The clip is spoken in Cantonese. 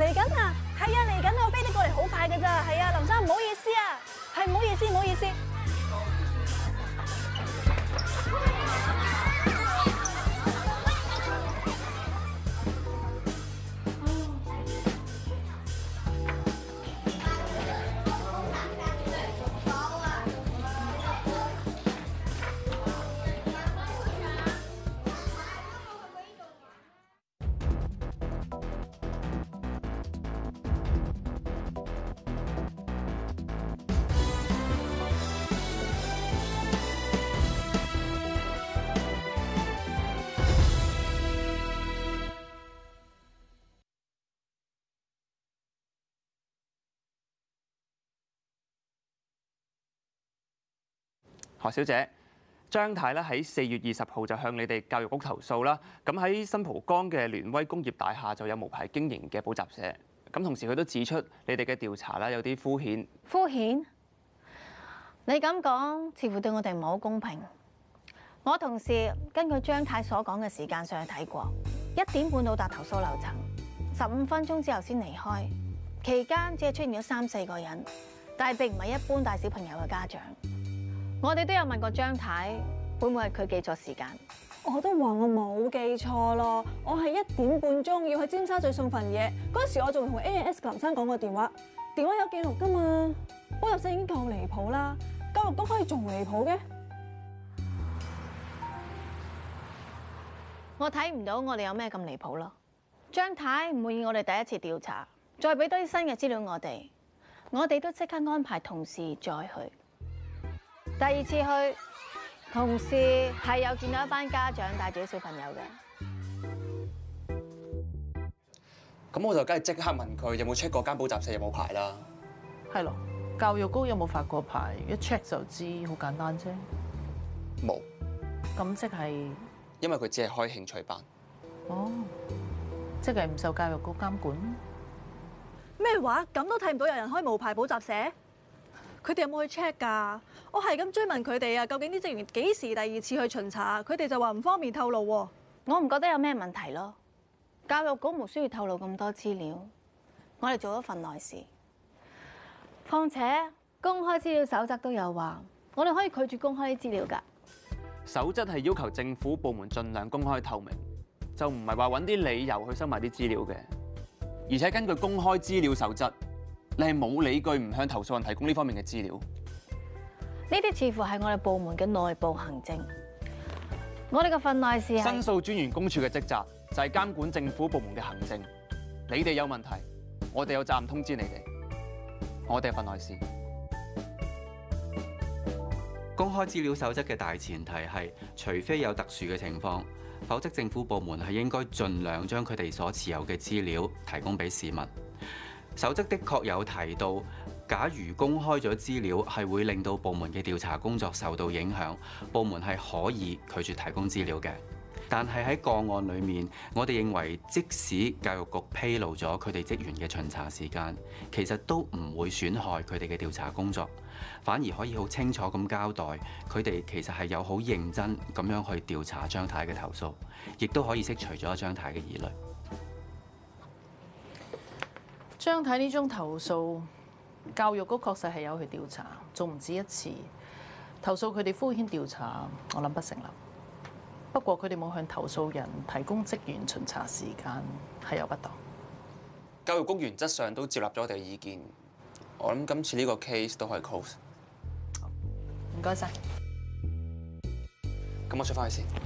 嚟緊啊！係啊，嚟緊啊！我飛你過嚟好快嘅咋，係啊，林生唔好意思啊係，係唔好意思，唔好意思。何小姐，張太咧喺四月二十號就向你哋教育局投訴啦。咁喺新蒲崗嘅聯威工業大廈就有無牌經營嘅補習社。咁同時佢都指出你哋嘅調查咧有啲敷衍。敷衍？你咁講似乎對我哋唔好公平。我同事根據張太所講嘅時間上去睇過，一點半到達投訴樓層，十五分鐘之後先離開，期間只係出現咗三四個人，但係並唔係一般帶小朋友嘅家長。我哋都有問過張太，太，會唔會係佢記錯時間？我都話我冇記錯咯，我係一點半鐘要去尖沙咀送份嘢，嗰時我仲同 A S 林生講過電話，電話有記錄噶嘛？我入世已經夠離譜啦，教育局可以仲離譜嘅？我睇唔到我哋有咩咁離譜咯。張太唔滿意我哋第一次調查，再俾多啲新嘅資料我哋，我哋都即刻安排同事再去。第二次去，同事係有見到一班家長帶住啲小朋友嘅。咁我就梗係即刻問佢有冇 check 過間補習社有冇牌啦。係咯，教育局有冇發過牌？一 check 就知，好簡單啫。冇。咁即係？因為佢只係開興趣班。哦，即係唔受教育局監管？咩話？咁都睇唔到有人開無牌補習社？佢哋有冇去 check 㗎？我係咁追問佢哋啊！究竟啲職員幾時第二次去巡查？佢哋就話唔方便透露喎。我唔覺得有咩問題咯。教育局無需要透露咁多資料。我哋做咗份內事。況且公開資料守則都有話，我哋可以拒絕公開啲資料㗎。守則係要求政府部門盡量公開透明，就唔係話揾啲理由去收埋啲資料嘅。而且根據公開資料守則。你係冇理據唔向投訴人提供呢方面嘅資料？呢啲似乎係我哋部門嘅內部行政。我哋嘅份內事。申訴專員公署嘅職責就係監管政府部門嘅行政。你哋有問題，我哋有責任通知你哋。我哋嘅份內事。公開資料守則嘅大前提係，除非有特殊嘅情況，否則政府部門係應該盡量將佢哋所持有嘅資料提供俾市民。守則的確有提到，假如公開咗資料係會令到部門嘅調查工作受到影響，部門係可以拒絕提供資料嘅。但係喺個案裏面，我哋認為即使教育局披露咗佢哋職員嘅巡查時間，其實都唔會損害佢哋嘅調查工作，反而可以好清楚咁交代佢哋其實係有好認真咁樣去調查張太嘅投訴，亦都可以釋除咗張太嘅疑慮。張太呢種投訴，教育局確實係有去調查，仲唔止一次投訴佢哋敷衍調查，我諗不成立。不過佢哋冇向投訴人提供職員巡查時間，係有不當。教育局原則上都接納咗我哋嘅意見，我諗今次呢個 case 都可以 close。唔該晒，咁我出翻去先。